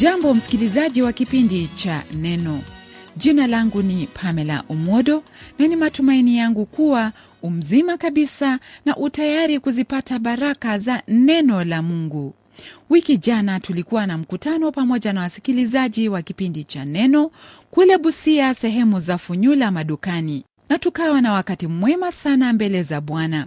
jambo msikilizaji wa kipindi cha Neno. Jina langu ni Pamela Umodo na ni matumaini yangu kuwa umzima kabisa na utayari kuzipata baraka za neno la Mungu. Wiki jana tulikuwa na mkutano pamoja na wasikilizaji wa kipindi cha Neno kule Busia, sehemu za Funyula madukani, na tukawa na wakati mwema sana mbele za Bwana.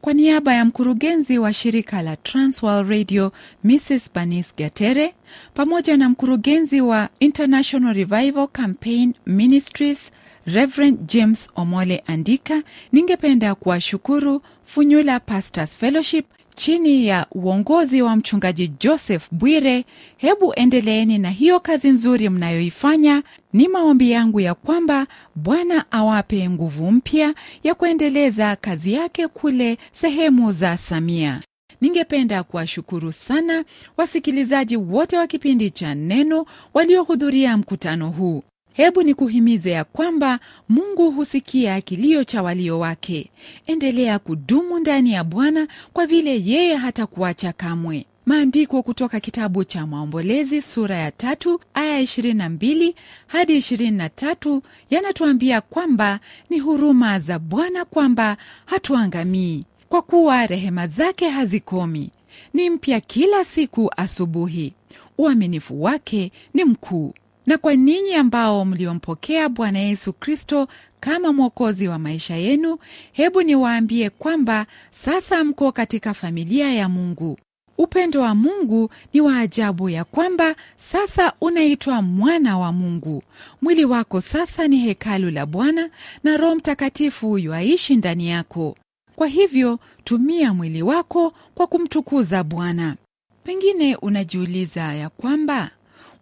Kwa niaba ya mkurugenzi wa shirika la Transworld Radio Mrs banis Gatere pamoja na mkurugenzi wa International Revival Campaign Ministries Reverend James Omole Andika, ningependa kuwashukuru Funyula Pastors Fellowship chini ya uongozi wa mchungaji Joseph Bwire. Hebu endeleeni na hiyo kazi nzuri mnayoifanya. Ni maombi yangu ya kwamba Bwana awape nguvu mpya ya kuendeleza kazi yake kule sehemu za Samia. Ningependa kuwashukuru sana wasikilizaji wote wa kipindi cha Neno waliohudhuria mkutano huu. Hebu ni kuhimize ya kwamba Mungu husikia kilio cha walio wake. Endelea kudumu ndani ya Bwana kwa vile yeye hatakuacha kamwe. Maandiko kutoka kitabu cha Maombolezi sura ya tatu aya 22 hadi 23 yanatuambia kwamba ni huruma za Bwana kwamba hatuangamii, kwa kuwa rehema zake hazikomi, ni mpya kila siku asubuhi. Uaminifu wake ni mkuu na kwa ninyi ambao mliompokea Bwana Yesu Kristo kama mwokozi wa maisha yenu, hebu niwaambie kwamba sasa mko katika familia ya Mungu. Upendo wa Mungu ni wa ajabu ya kwamba sasa unaitwa mwana wa Mungu. Mwili wako sasa ni hekalu la Bwana na Roho Mtakatifu huyu aishi ndani yako. Kwa hivyo tumia mwili wako kwa kumtukuza Bwana. Pengine unajiuliza ya kwamba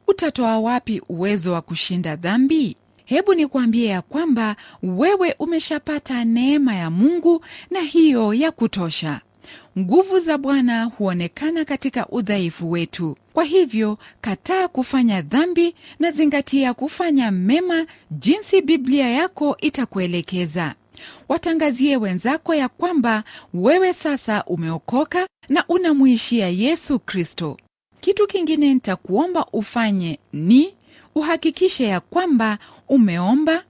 utatoa wapi uwezo wa kushinda dhambi? Hebu ni kuambia ya kwamba wewe umeshapata neema ya Mungu na hiyo ya kutosha. Nguvu za Bwana huonekana katika udhaifu wetu. Kwa hivyo, kataa kufanya dhambi na zingatia kufanya mema jinsi Biblia yako itakuelekeza. Watangazie wenzako ya kwamba wewe sasa umeokoka na unamwishia Yesu Kristo. Kitu kingine nitakuomba ufanye ni uhakikishe ya kwamba umeomba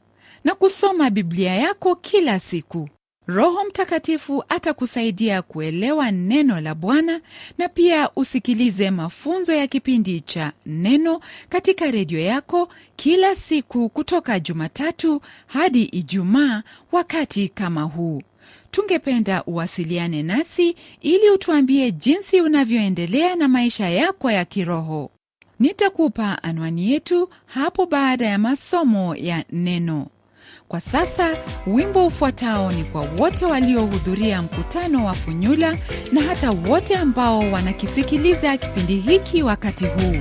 na kusoma Biblia yako kila siku. Roho Mtakatifu atakusaidia kuelewa neno la Bwana na pia usikilize mafunzo ya kipindi cha neno katika redio yako kila siku kutoka Jumatatu hadi Ijumaa wakati kama huu tungependa uwasiliane nasi ili utuambie jinsi unavyoendelea na maisha yako ya kiroho. Nitakupa anwani yetu hapo baada ya masomo ya neno. Kwa sasa wimbo ufuatao ni kwa wote waliohudhuria mkutano wa Funyula na hata wote ambao wanakisikiliza kipindi hiki wakati huu.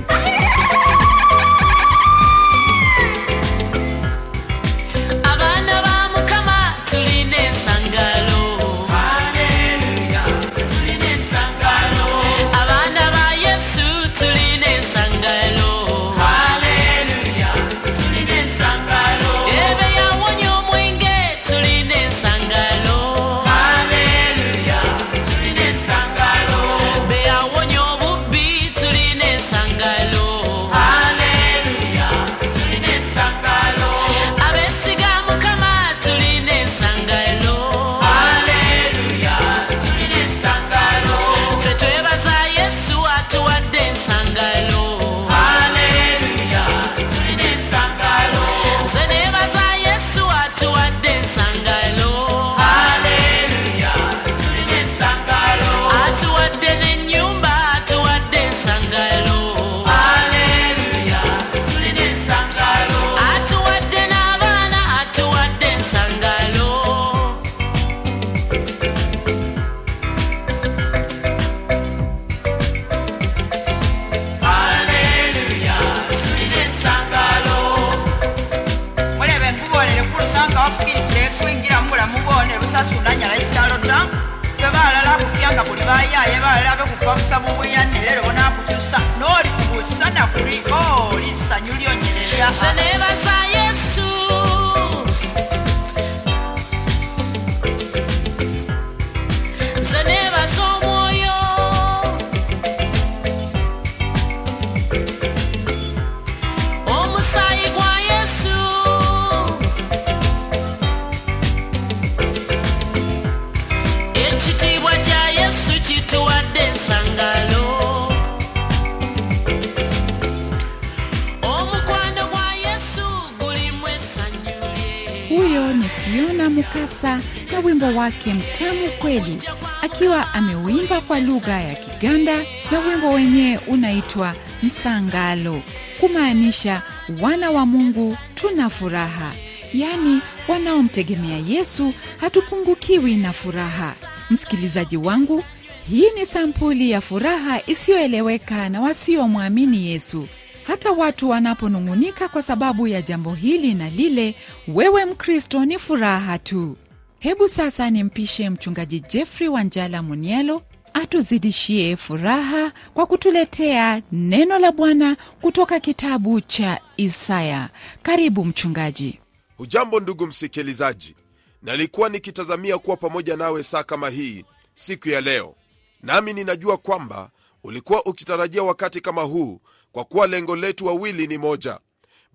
wake mtamu kweli, akiwa ameuimba kwa lugha ya Kiganda na wimbo wenyewe unaitwa msangalo kumaanisha wana wa Mungu tuna furaha, yaani wanaomtegemea Yesu hatupungukiwi na furaha. Msikilizaji wangu, hii ni sampuli ya furaha isiyoeleweka na wasiomwamini Yesu. Hata watu wanaponung'unika kwa sababu ya jambo hili na lile, wewe Mkristo ni furaha tu. Hebu sasa nimpishe mchungaji Jeffrey Wanjala Munielo atuzidishie furaha kwa kutuletea neno la Bwana kutoka kitabu cha Isaya. Karibu mchungaji. Hujambo ndugu msikilizaji, nalikuwa nikitazamia kuwa pamoja nawe saa kama hii siku ya leo, nami ninajua kwamba ulikuwa ukitarajia wakati kama huu, kwa kuwa lengo letu wawili ni moja,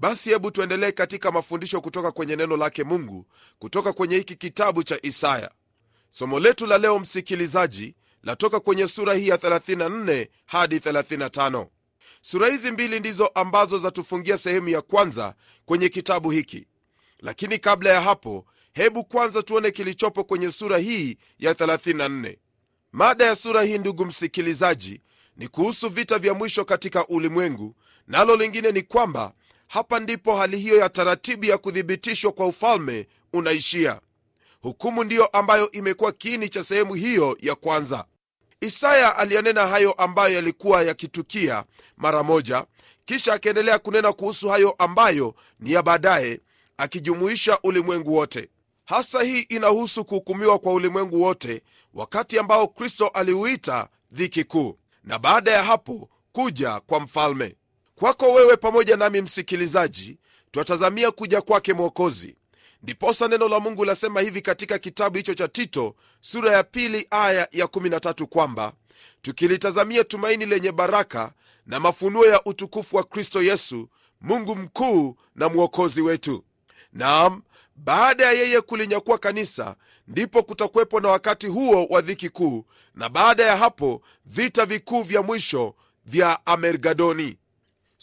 basi hebu tuendelee katika mafundisho kutoka kwenye neno lake Mungu, kutoka kwenye hiki kitabu cha Isaya. Somo letu la leo, msikilizaji, latoka kwenye sura hii ya 34 hadi 35. Sura hizi mbili ndizo ambazo zatufungia sehemu ya kwanza kwenye kitabu hiki, lakini kabla ya hapo, hebu kwanza tuone kilichopo kwenye sura hii ya 34. Mada ya sura hii, ndugu msikilizaji, ni kuhusu vita vya mwisho katika ulimwengu, nalo lingine ni kwamba hapa ndipo hali hiyo ya taratibu ya kuthibitishwa kwa ufalme unaishia. Hukumu ndiyo ambayo imekuwa kiini cha sehemu hiyo ya kwanza. Isaya aliyanena hayo ambayo yalikuwa yakitukia mara moja, kisha akaendelea kunena kuhusu hayo ambayo ni ya baadaye, akijumuisha ulimwengu wote. Hasa hii inahusu kuhukumiwa kwa ulimwengu wote, wakati ambao Kristo aliuita dhiki kuu, na baada ya hapo kuja kwa mfalme. Kwako wewe pamoja nami msikilizaji, twatazamia kuja kwake Mwokozi. Ndiposa neno la Mungu lasema hivi katika kitabu hicho cha Tito sura ya pili aya ya 13 kwamba tukilitazamia tumaini lenye baraka na mafunuo ya utukufu wa Kristo Yesu, Mungu mkuu na mwokozi wetu. nam baada ya yeye kulinyakua kanisa, ndipo kutakuwepo na wakati huo wa dhiki kuu, na baada ya hapo vita vikuu vya mwisho vya Amergadoni.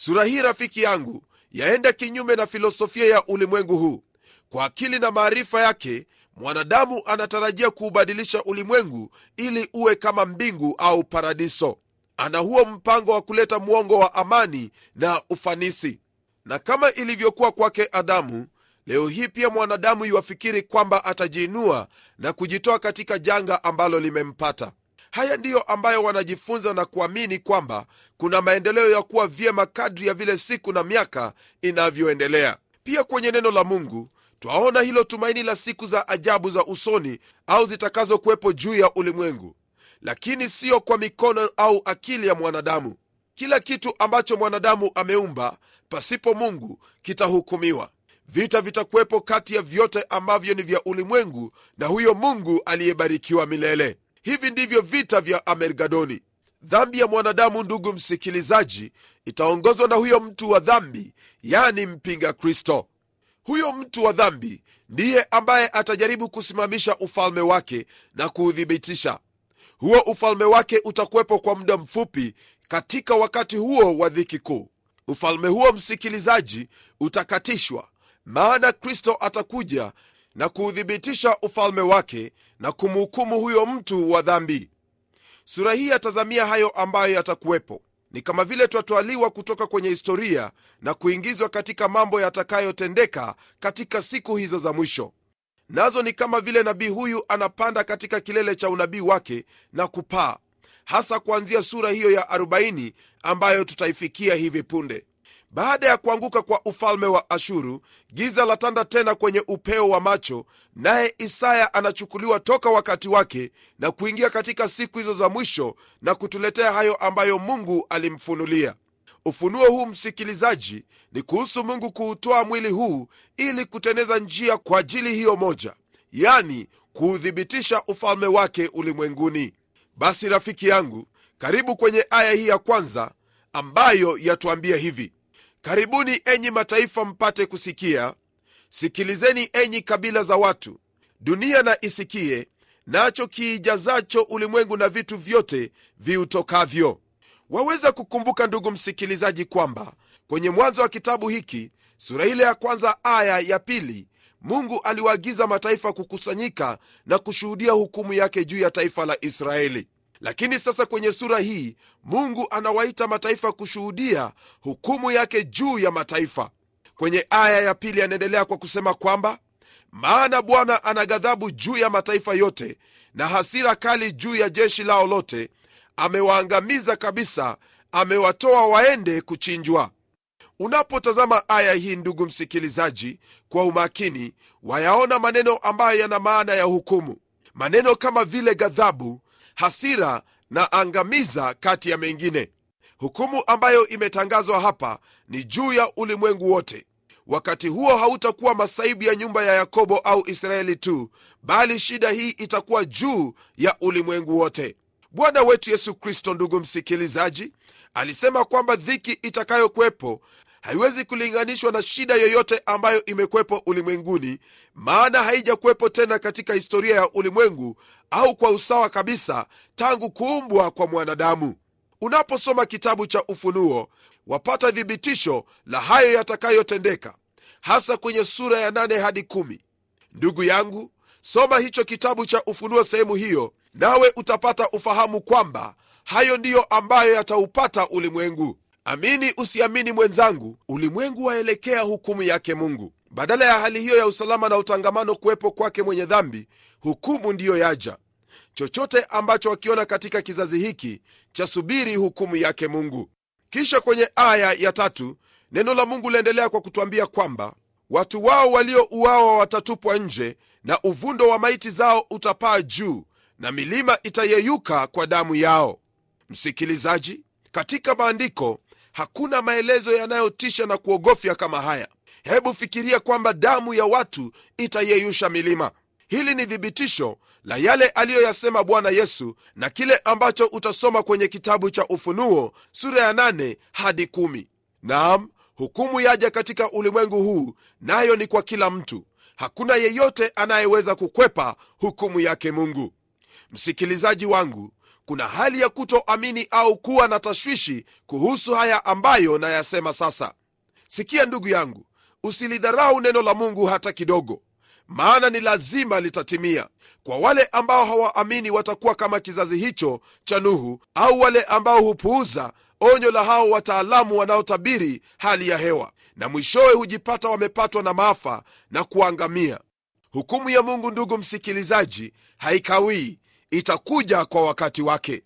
Sura hii rafiki yangu yaenda kinyume na filosofia ya ulimwengu huu. Kwa akili na maarifa yake mwanadamu anatarajia kuubadilisha ulimwengu ili uwe kama mbingu au paradiso. Ana huo mpango wa kuleta mwongo wa amani na ufanisi. Na kama ilivyokuwa kwake Adamu, leo hii pia mwanadamu iwafikiri kwamba atajiinua na kujitoa katika janga ambalo limempata. Haya ndiyo ambayo wanajifunza na kuamini kwamba kuna maendeleo ya kuwa vyema kadri ya vile siku na miaka inavyoendelea. Pia kwenye neno la Mungu twaona hilo tumaini la siku za ajabu za usoni au zitakazokuwepo juu ya ulimwengu, lakini siyo kwa mikono au akili ya mwanadamu. Kila kitu ambacho mwanadamu ameumba pasipo Mungu kitahukumiwa. Vita vitakuwepo kati ya vyote ambavyo ni vya ulimwengu na huyo Mungu aliyebarikiwa milele hivi ndivyo vita vya Amergadoni. Dhambi ya mwanadamu, ndugu msikilizaji, itaongozwa na huyo mtu wa dhambi, yani mpinga Kristo. Huyo mtu wa dhambi ndiye ambaye atajaribu kusimamisha ufalme wake na kuuthibitisha. Huo ufalme wake utakuwepo kwa muda mfupi katika wakati huo wa dhiki kuu. Ufalme huo, msikilizaji, utakatishwa, maana Kristo atakuja na kuuthibitisha ufalme wake na kumhukumu huyo mtu wa dhambi. Sura hii yatazamia hayo ambayo yatakuwepo. Ni kama vile twatwaliwa kutoka kwenye historia na kuingizwa katika mambo yatakayotendeka katika siku hizo za mwisho, nazo ni kama vile nabii huyu anapanda katika kilele cha unabii wake na kupaa, hasa kuanzia sura hiyo ya 40 ambayo tutaifikia hivi punde. Baada ya kuanguka kwa ufalme wa Ashuru, giza latanda tena kwenye upeo wa macho, naye Isaya anachukuliwa toka wakati wake na kuingia katika siku hizo za mwisho na kutuletea hayo ambayo Mungu alimfunulia. Ufunuo huu msikilizaji, ni kuhusu Mungu kuutoa mwili huu ili kuteneza njia kwa ajili hiyo moja, yani kuuthibitisha ufalme wake ulimwenguni. Basi rafiki yangu, karibu kwenye aya hii ya kwanza ambayo yatuambia hivi: Karibuni enyi mataifa, mpate kusikia; sikilizeni enyi kabila za watu. Dunia na isikie, nacho kiijazacho ulimwengu na vitu vyote viutokavyo. Waweza kukumbuka ndugu msikilizaji, kwamba kwenye mwanzo wa kitabu hiki sura ile ya kwanza aya ya pili Mungu aliwaagiza mataifa kukusanyika na kushuhudia hukumu yake juu ya taifa la Israeli. Lakini sasa kwenye sura hii Mungu anawaita mataifa kushuhudia hukumu yake juu ya mataifa. Kwenye aya ya pili anaendelea kwa kusema kwamba maana Bwana ana ghadhabu juu ya mataifa yote na hasira kali juu ya jeshi lao lote, amewaangamiza kabisa, amewatoa waende kuchinjwa. Unapotazama aya hii, ndugu msikilizaji, kwa umakini, wayaona maneno ambayo yana maana ya hukumu, maneno kama vile ghadhabu, hasira na angamiza kati ya mengine. Hukumu ambayo imetangazwa hapa ni juu ya ulimwengu wote. Wakati huo hautakuwa masaibu ya nyumba ya Yakobo au Israeli tu, bali shida hii itakuwa juu ya ulimwengu wote. Bwana wetu Yesu Kristo, ndugu msikilizaji, alisema kwamba dhiki itakayokuwepo haiwezi kulinganishwa na shida yoyote ambayo imekwepo ulimwenguni, maana haijakuwepo tena katika historia ya ulimwengu au kwa usawa kabisa tangu kuumbwa kwa mwanadamu. Unaposoma kitabu cha Ufunuo wapata thibitisho la hayo yatakayotendeka, hasa kwenye sura ya nane hadi kumi. Ndugu yangu, soma hicho kitabu cha Ufunuo sehemu hiyo, nawe utapata ufahamu kwamba hayo ndiyo ambayo yataupata ulimwengu. Amini usiamini mwenzangu, ulimwengu waelekea hukumu yake Mungu. Badala ya hali hiyo ya usalama na utangamano kuwepo kwake mwenye dhambi, hukumu ndiyo yaja. Chochote ambacho wakiona katika kizazi hiki chasubiri hukumu yake Mungu. Kisha kwenye aya ya tatu neno la Mungu laendelea kwa kutwambia kwamba watu wao waliouawa watatupwa nje, na uvundo wa maiti zao utapaa juu, na milima itayeyuka kwa damu yao. Msikilizaji, katika maandiko Hakuna maelezo yanayotisha na kuogofya kama haya. Hebu fikiria kwamba damu ya watu itayeyusha milima. Hili ni thibitisho la yale aliyoyasema Bwana Yesu na kile ambacho utasoma kwenye kitabu cha Ufunuo sura ya nane hadi kumi. nam hukumu yaja katika ulimwengu huu, nayo ni kwa kila mtu. Hakuna yeyote anayeweza kukwepa hukumu yake Mungu. Msikilizaji wangu, kuna hali ya kutoamini au kuwa na tashwishi kuhusu haya ambayo nayasema sasa. Sikia ndugu yangu, usilidharau neno la Mungu hata kidogo, maana ni lazima litatimia. Kwa wale ambao hawaamini watakuwa kama kizazi hicho cha Nuhu, au wale ambao hupuuza onyo la hao wataalamu wanaotabiri hali ya hewa, na mwishowe hujipata wamepatwa na maafa na kuangamia. Hukumu ya Mungu, ndugu msikilizaji, haikawii, itakuja kwa wakati wake.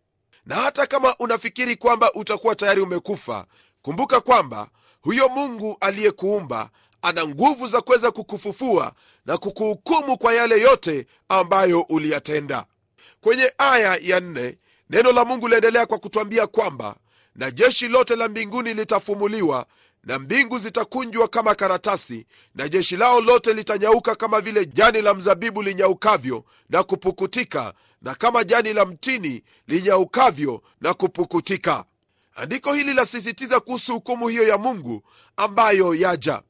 Na hata kama unafikiri kwamba utakuwa tayari umekufa, kumbuka kwamba huyo Mungu aliyekuumba ana nguvu za kuweza kukufufua na kukuhukumu kwa yale yote ambayo uliyatenda. Kwenye aya ya nne neno la Mungu liendelea kwa kutwambia kwamba na jeshi lote la mbinguni litafumuliwa na mbingu zitakunjwa kama karatasi, na jeshi lao lote litanyauka kama vile jani la mzabibu linyaukavyo na kupukutika, na kama jani la mtini linyaukavyo na kupukutika. Andiko hili lasisitiza kuhusu hukumu hiyo ya Mungu ambayo yaja.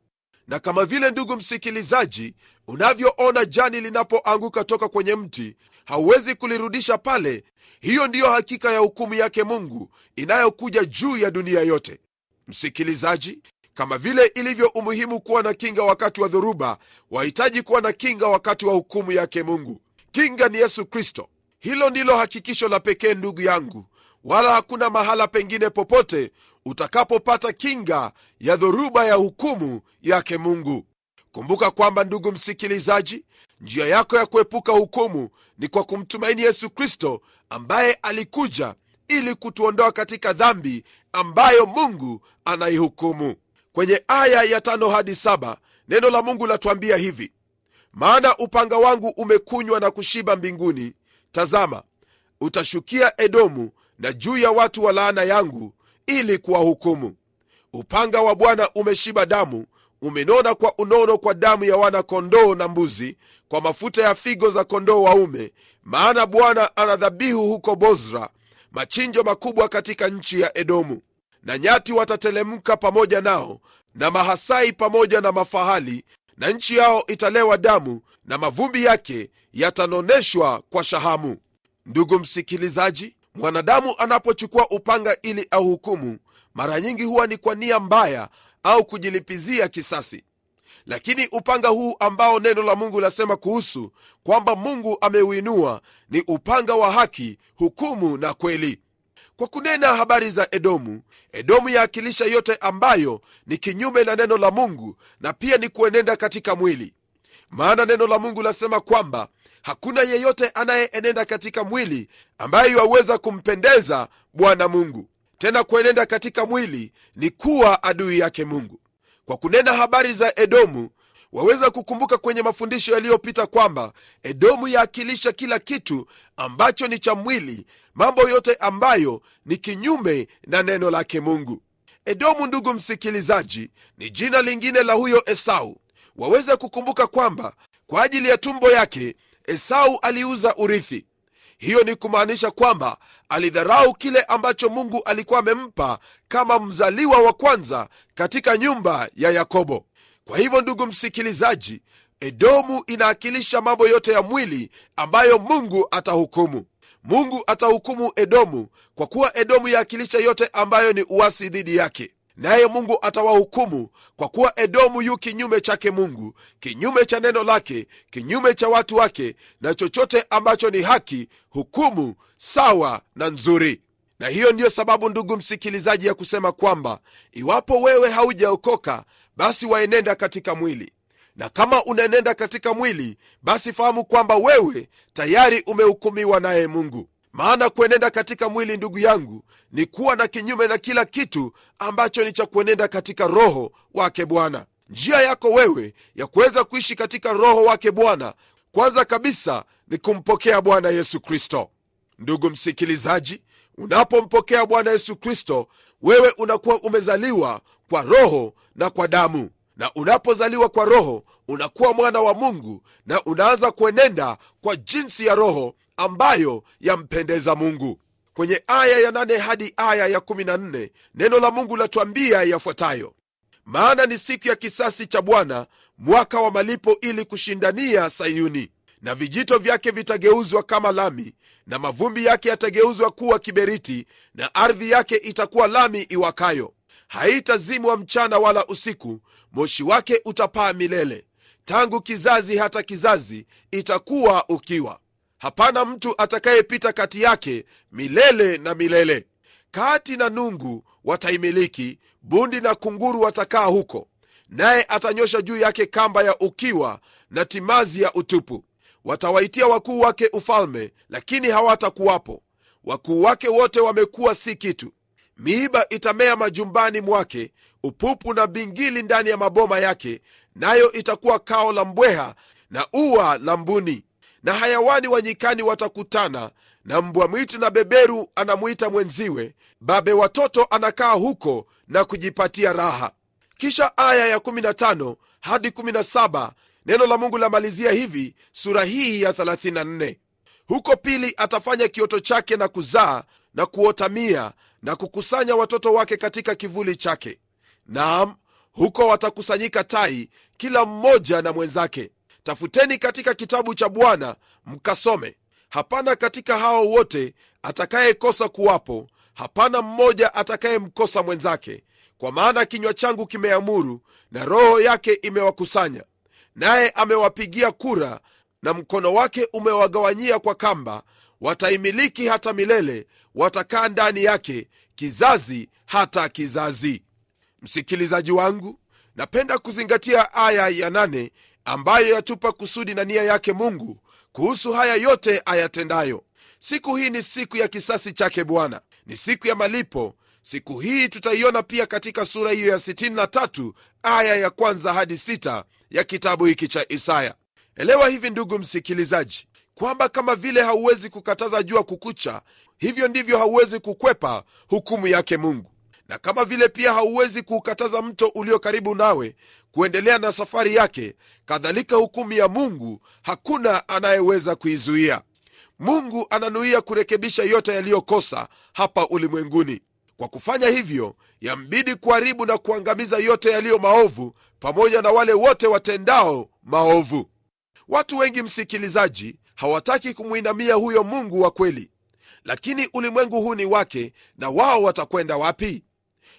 Na kama vile, ndugu msikilizaji, unavyoona jani linapoanguka toka kwenye mti, hauwezi kulirudisha pale. Hiyo ndiyo hakika ya hukumu yake Mungu inayokuja juu ya dunia yote. Msikilizaji, kama vile ilivyo umuhimu kuwa na kinga wakati wa dhoruba, wahitaji kuwa na kinga wakati wa hukumu yake Mungu. Kinga ni Yesu Kristo. Hilo ndilo hakikisho la pekee, ndugu yangu, wala hakuna mahala pengine popote utakapopata kinga ya dhoruba ya hukumu yake Mungu. Kumbuka kwamba, ndugu msikilizaji, njia yako ya kuepuka hukumu ni kwa kumtumaini Yesu Kristo ambaye alikuja ili kutuondoa katika dhambi ambayo Mungu anaihukumu. Kwenye aya ya tano hadi saba neno la Mungu latuambia hivi: maana upanga wangu umekunywa na kushiba mbinguni Tazama, utashukia Edomu na juu ya watu wa laana yangu ili kuwahukumu. Upanga wa Bwana umeshiba damu, umenona kwa unono kwa damu ya wana kondoo na mbuzi, kwa mafuta ya figo za kondoo waume, maana Bwana anadhabihu huko Bozra machinjo makubwa katika nchi ya Edomu. Na nyati watatelemka pamoja nao na mahasai pamoja na mafahali na nchi yao italewa damu na mavumbi yake yatanoneshwa kwa shahamu. Ndugu msikilizaji, mwanadamu anapochukua upanga ili auhukumu, mara nyingi huwa ni kwa nia mbaya au kujilipizia kisasi. Lakini upanga huu ambao neno la Mungu lasema kuhusu kwamba Mungu ameuinua ni upanga wa haki, hukumu na kweli kwa kunena habari za Edomu. Edomu yaakilisha yote ambayo ni kinyume na neno la Mungu na pia ni kuenenda katika mwili, maana neno la Mungu lasema kwamba hakuna yeyote anayeenenda katika mwili ambaye iwaweza kumpendeza Bwana Mungu. Tena kuenenda katika mwili ni kuwa adui yake Mungu. Kwa kunena habari za Edomu, waweza kukumbuka kwenye mafundisho yaliyopita kwamba Edomu yaakilisha kila kitu ambacho ni cha mwili, mambo yote ambayo ni kinyume na neno lake Mungu. Edomu, ndugu msikilizaji, ni jina lingine la huyo Esau. Waweza kukumbuka kwamba kwa ajili ya tumbo yake Esau aliuza urithi. Hiyo ni kumaanisha kwamba alidharau kile ambacho Mungu alikuwa amempa kama mzaliwa wa kwanza katika nyumba ya Yakobo kwa hivyo ndugu msikilizaji edomu inaakilisha mambo yote ya mwili ambayo mungu atahukumu mungu atahukumu edomu kwa kuwa edomu yaakilisha yote ambayo ni uwasi dhidi yake naye mungu atawahukumu kwa kuwa edomu yu kinyume chake mungu kinyume cha neno lake kinyume cha watu wake na chochote ambacho ni haki hukumu sawa na nzuri na hiyo ndiyo sababu, ndugu msikilizaji, ya kusema kwamba iwapo wewe haujaokoka basi waenenda katika mwili, na kama unaenenda katika mwili, basi fahamu kwamba wewe tayari umehukumiwa naye Mungu. Maana kuenenda katika mwili, ndugu yangu, ni kuwa na kinyume na kila kitu ambacho ni cha kuenenda katika Roho wake Bwana. Njia yako wewe ya kuweza kuishi katika Roho wake Bwana, kwanza kabisa ni kumpokea Bwana Yesu Kristo. Ndugu msikilizaji, unapompokea bwana yesu kristo wewe unakuwa umezaliwa kwa roho na kwa damu na unapozaliwa kwa roho unakuwa mwana wa mungu na unaanza kuenenda kwa jinsi ya roho ambayo yampendeza mungu kwenye aya ya 8 hadi aya ya 14 neno la mungu latwambia yafuatayo maana ni siku ya kisasi cha bwana mwaka wa malipo ili kushindania sayuni na vijito vyake vitageuzwa kama lami, na mavumbi yake yatageuzwa kuwa kiberiti, na ardhi yake itakuwa lami iwakayo. Haitazimwa mchana wala usiku, moshi wake utapaa milele. Tangu kizazi hata kizazi itakuwa ukiwa, hapana mtu atakayepita kati yake milele na milele. Kati na nungu wataimiliki, bundi na kunguru watakaa huko, naye atanyosha juu yake kamba ya ukiwa na timazi ya utupu. Watawaitia wakuu wake ufalme, lakini hawatakuwapo. Wakuu wake wote wamekuwa si kitu. Miiba itamea majumbani mwake, upupu na bingili ndani ya maboma yake, nayo itakuwa kao la mbweha na ua la mbuni. Na hayawani wanyikani watakutana, na mbwa mwitu na beberu anamwita mwenziwe, babe watoto anakaa huko na kujipatia raha. Kisha aya ya 15 hadi 17 neno la mungu lamalizia hivi sura hii ya 34 huko pili atafanya kioto chake na kuzaa na kuotamia na kukusanya watoto wake katika kivuli chake naam huko watakusanyika tai kila mmoja na mwenzake tafuteni katika kitabu cha bwana mkasome hapana katika hao wote atakayekosa kuwapo hapana mmoja atakayemkosa mwenzake kwa maana kinywa changu kimeamuru na roho yake imewakusanya naye amewapigia kura na mkono wake umewagawanyia kwa kamba. Wataimiliki hata milele, watakaa ndani yake kizazi hata kizazi. Msikilizaji wangu, napenda kuzingatia aya ya nane ambayo yatupa kusudi na nia yake Mungu kuhusu haya yote ayatendayo. Siku hii ni siku ya kisasi chake Bwana, ni siku ya malipo. Siku hii tutaiona pia katika sura hiyo ya 63 aya ya kwanza hadi sita ya kitabu hiki cha Isaya. Elewa hivi ndugu msikilizaji, kwamba kama vile hauwezi kukataza jua kukucha, hivyo ndivyo hauwezi kukwepa hukumu yake Mungu, na kama vile pia hauwezi kuukataza mto ulio karibu nawe kuendelea na safari yake, kadhalika hukumu ya Mungu hakuna anayeweza kuizuia. Mungu ananuia kurekebisha yote yaliyokosa hapa ulimwenguni. Kwa kufanya hivyo, yambidi kuharibu na kuangamiza yote yaliyo maovu pamoja na wale wote watendao maovu. Watu wengi, msikilizaji, hawataki kumwinamia huyo Mungu wa kweli, lakini ulimwengu huu ni wake, na wao watakwenda wapi?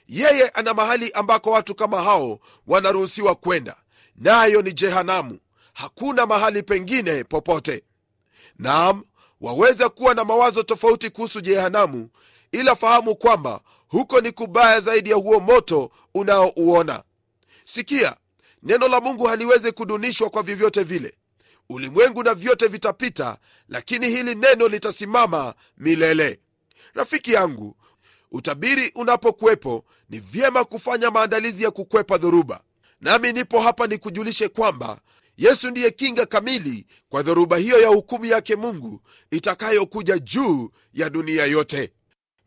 Yeye ana mahali ambako watu kama hao wanaruhusiwa kwenda, nayo ni jehanamu. Hakuna mahali pengine popote. nam waweza kuwa na mawazo tofauti kuhusu jehanamu, ila fahamu kwamba huko ni kubaya zaidi ya huo moto unaouona. Sikia, neno la Mungu haliwezi kudunishwa kwa vyovyote vile. Ulimwengu na vyote vitapita, lakini hili neno litasimama milele. Rafiki yangu, utabiri unapokuwepo, ni vyema kufanya maandalizi ya kukwepa dhoruba. Nami nipo hapa nikujulishe kwamba Yesu ndiye kinga kamili kwa dhoruba hiyo ya hukumu yake Mungu itakayokuja juu ya dunia yote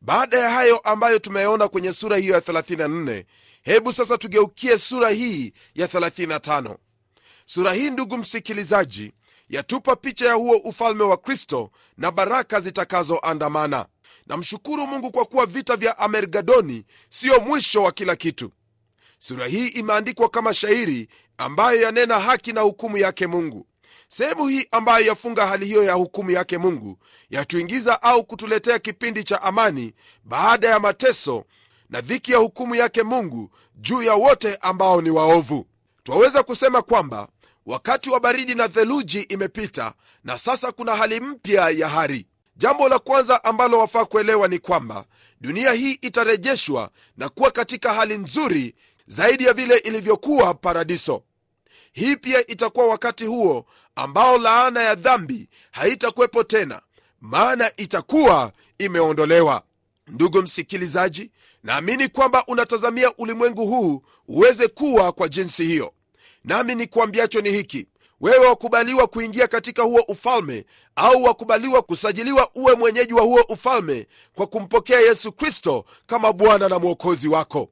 baada ya hayo ambayo tumeyaona kwenye sura hiyo ya 34 hebu sasa tugeukie sura hii ya 35 sura hii ndugu msikilizaji yatupa picha ya huo ufalme wa kristo na baraka zitakazoandamana namshukuru mungu kwa kuwa vita vya amergadoni siyo mwisho wa kila kitu sura hii imeandikwa kama shairi ambayo yanena haki na hukumu yake mungu Sehemu hii ambayo yafunga hali hiyo ya hukumu yake Mungu yatuingiza au kutuletea kipindi cha amani baada ya mateso na dhiki ya hukumu yake Mungu juu ya wote ambao ni waovu. Twaweza kusema kwamba wakati wa baridi na theluji imepita na sasa kuna hali mpya ya hari. Jambo la kwanza ambalo wafaa kuelewa ni kwamba dunia hii itarejeshwa na kuwa katika hali nzuri zaidi ya vile ilivyokuwa paradiso. Hii pia itakuwa wakati huo ambao laana ya dhambi haitakuwepo tena, maana itakuwa imeondolewa. Ndugu msikilizaji, naamini kwamba unatazamia ulimwengu huu uweze kuwa kwa jinsi hiyo, nami nikuambiacho ni hiki: wewe wakubaliwa kuingia katika huo ufalme, au wakubaliwa kusajiliwa uwe mwenyeji wa huo ufalme kwa kumpokea Yesu Kristo kama Bwana na Mwokozi wako.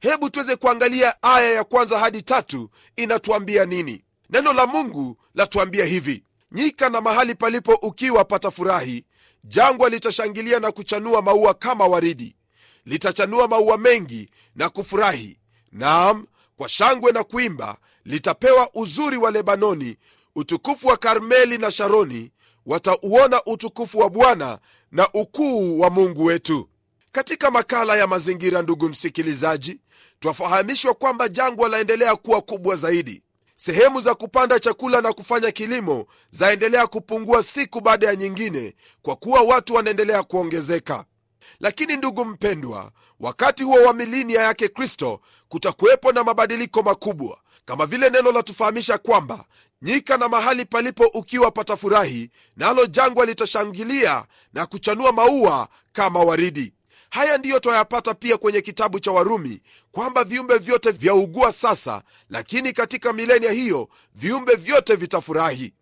Hebu tuweze kuangalia aya ya kwanza hadi tatu inatuambia nini neno la mungu latuambia hivi nyika na mahali palipo ukiwa patafurahi jangwa litashangilia na kuchanua maua kama waridi litachanua maua mengi na kufurahi nam kwa shangwe na kuimba litapewa uzuri wa lebanoni utukufu wa karmeli na sharoni watauona utukufu wa bwana na ukuu wa mungu wetu katika makala ya mazingira ndugu msikilizaji twafahamishwa kwamba jangwa laendelea kuwa kubwa zaidi Sehemu za kupanda chakula na kufanya kilimo zaendelea kupungua siku baada ya nyingine, kwa kuwa watu wanaendelea kuongezeka. Lakini ndugu mpendwa, wakati huo wa milinia yake Kristo kutakuwepo na mabadiliko makubwa, kama vile neno la tufahamisha kwamba nyika na mahali palipo ukiwa patafurahi, nalo jangwa litashangilia na kuchanua maua kama waridi. Haya ndiyo twayapata pia kwenye kitabu cha Warumi kwamba viumbe vyote vyaugua sasa, lakini katika milenia hiyo viumbe vyote vitafurahi.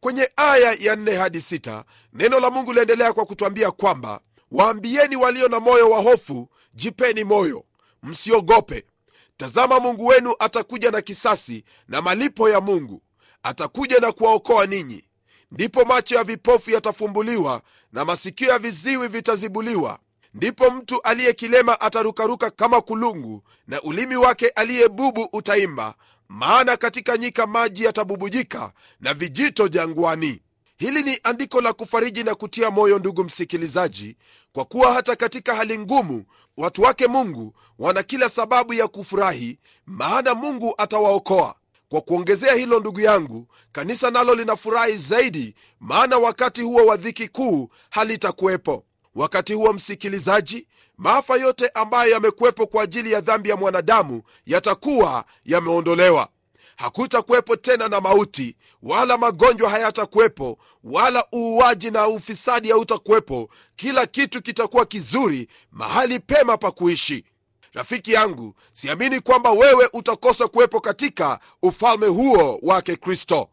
Kwenye aya ya nne hadi sita neno la Mungu liendelea kwa kutwambia kwamba waambieni walio na moyo wa hofu, jipeni moyo, msiogope. Tazama, Mungu wenu atakuja na kisasi na malipo ya Mungu, atakuja na kuwaokoa ninyi. Ndipo macho ya vipofu yatafumbuliwa na masikio ya viziwi vitazibuliwa Ndipo mtu aliye kilema atarukaruka kama kulungu, na ulimi wake aliye bubu utaimba, maana katika nyika maji yatabubujika na vijito jangwani. Hili ni andiko la kufariji na kutia moyo, ndugu msikilizaji, kwa kuwa hata katika hali ngumu watu wake Mungu wana kila sababu ya kufurahi, maana Mungu atawaokoa. Kwa kuongezea hilo, ndugu yangu, kanisa nalo linafurahi zaidi, maana wakati huo wa dhiki kuu halitakuwepo. Wakati huo, msikilizaji, maafa yote ambayo yamekuwepo kwa ajili ya dhambi ya mwanadamu yatakuwa yameondolewa. Hakutakuwepo tena na mauti, wala magonjwa hayatakuwepo, wala uuaji na ufisadi hautakuwepo. Kila kitu kitakuwa kizuri, mahali pema pa kuishi. Rafiki yangu, siamini kwamba wewe utakosa kuwepo katika ufalme huo wake Kristo.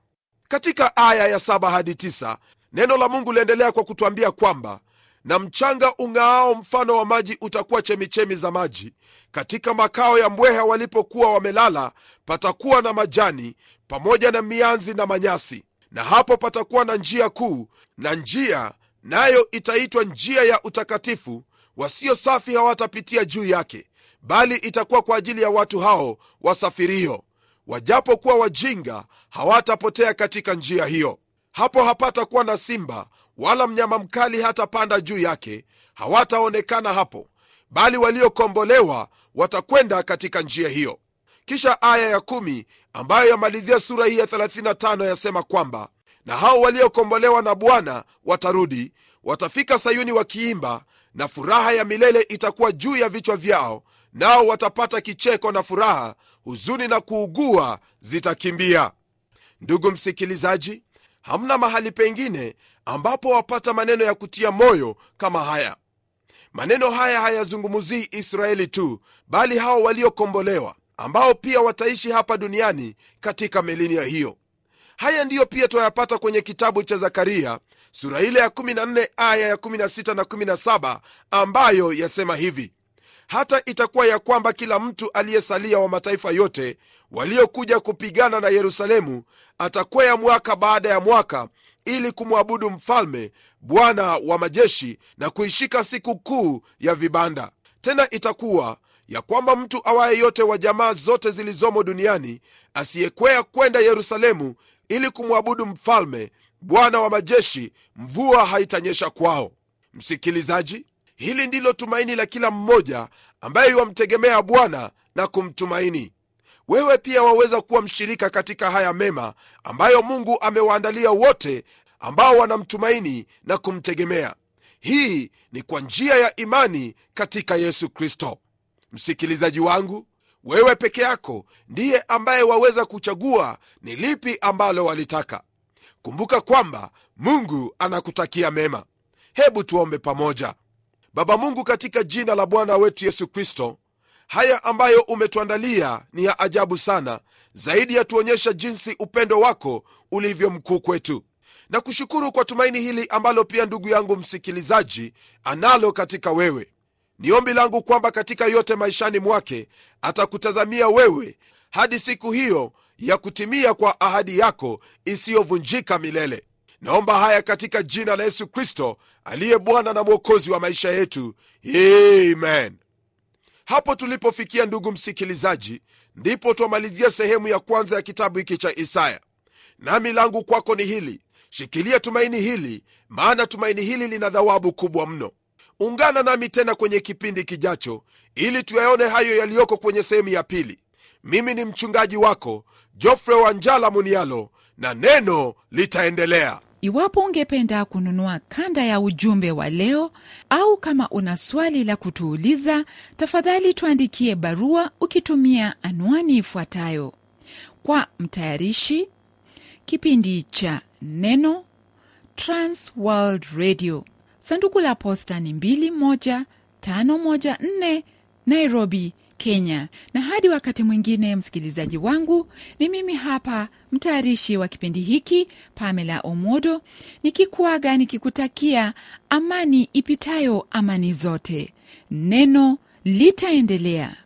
Katika aya ya 7 hadi 9 neno la Mungu liendelea kwa kutwambia kwamba na mchanga ung'aao mfano wa maji utakuwa chemichemi za maji. Katika makao ya mbweha walipokuwa wamelala, patakuwa na majani pamoja na mianzi na manyasi, na hapo patakuwa na njia kuu na njia nayo itaitwa njia ya utakatifu. Wasio safi hawatapitia juu yake, bali itakuwa kwa ajili ya watu hao wasafirio. Wajapokuwa wajinga, hawatapotea katika njia hiyo. Hapo hapatakuwa na simba wala mnyama mkali hatapanda juu yake, hawataonekana hapo, bali waliokombolewa watakwenda katika njia hiyo. Kisha aya ya kumi ambayo yamalizia sura hii ya 35 yasema kwamba na hao waliokombolewa na Bwana watarudi, watafika Sayuni wakiimba, na furaha ya milele itakuwa juu ya vichwa vyao, nao watapata kicheko na furaha, huzuni na kuugua zitakimbia. Ndugu msikilizaji, hamna mahali pengine ambapo wapata maneno ya kutia moyo kama haya. Maneno haya hayazungumuzii Israeli tu, bali hao waliokombolewa ambao pia wataishi hapa duniani katika milinia hiyo. Haya ndiyo pia twayapata kwenye kitabu cha Zakaria sura ile ya 14 aya ya 16 na 17, ambayo yasema hivi: hata itakuwa ya kwamba kila mtu aliyesalia wa mataifa yote waliokuja kupigana na Yerusalemu atakwea mwaka baada ya mwaka ili kumwabudu mfalme Bwana wa majeshi na kuishika siku kuu ya vibanda. Tena itakuwa ya kwamba mtu awaye yote wa jamaa zote zilizomo duniani asiyekwea kwenda Yerusalemu ili kumwabudu mfalme Bwana wa majeshi, mvua haitanyesha kwao. Msikilizaji, Hili ndilo tumaini la kila mmoja ambaye iwamtegemea Bwana na kumtumaini. Wewe pia waweza kuwa mshirika katika haya mema ambayo Mungu amewaandalia wote ambao wanamtumaini na kumtegemea. Hii ni kwa njia ya imani katika Yesu Kristo. Msikilizaji wangu, wewe peke yako ndiye ambaye waweza kuchagua ni lipi ambalo walitaka. Kumbuka kwamba Mungu anakutakia mema. Hebu tuombe pamoja. Baba Mungu, katika jina la Bwana wetu Yesu Kristo, haya ambayo umetuandalia ni ya ajabu sana, zaidi ya tuonyesha jinsi upendo wako ulivyo mkuu kwetu na kushukuru kwa tumaini hili ambalo pia ndugu yangu msikilizaji analo katika wewe. Ni ombi langu kwamba katika yote maishani mwake atakutazamia wewe hadi siku hiyo ya kutimia kwa ahadi yako isiyovunjika milele. Naomba haya katika jina la Yesu Kristo aliye Bwana na Mwokozi wa maisha yetu, amen. Hapo tulipofikia, ndugu msikilizaji, ndipo twamalizia sehemu ya kwanza ya kitabu hiki cha Isaya. Nami langu kwako ni hili, shikilia tumaini hili, maana tumaini hili lina dhawabu kubwa mno. Ungana nami tena kwenye kipindi kijacho, ili tuyaone hayo yaliyoko kwenye sehemu ya pili. Mimi ni mchungaji wako Jofre Wanjala Munialo, na neno litaendelea. Iwapo ungependa kununua kanda ya ujumbe wa leo au kama una swali la kutuuliza, tafadhali tuandikie barua ukitumia anwani ifuatayo: kwa mtayarishi kipindi cha Neno, Trans World Radio, sanduku la posta ni 21514 Nairobi, Kenya. Na hadi wakati mwingine, msikilizaji wangu, ni mimi hapa mtayarishi wa kipindi hiki Pamela Omodo, nikikuaga nikikutakia amani ipitayo amani zote. Neno litaendelea.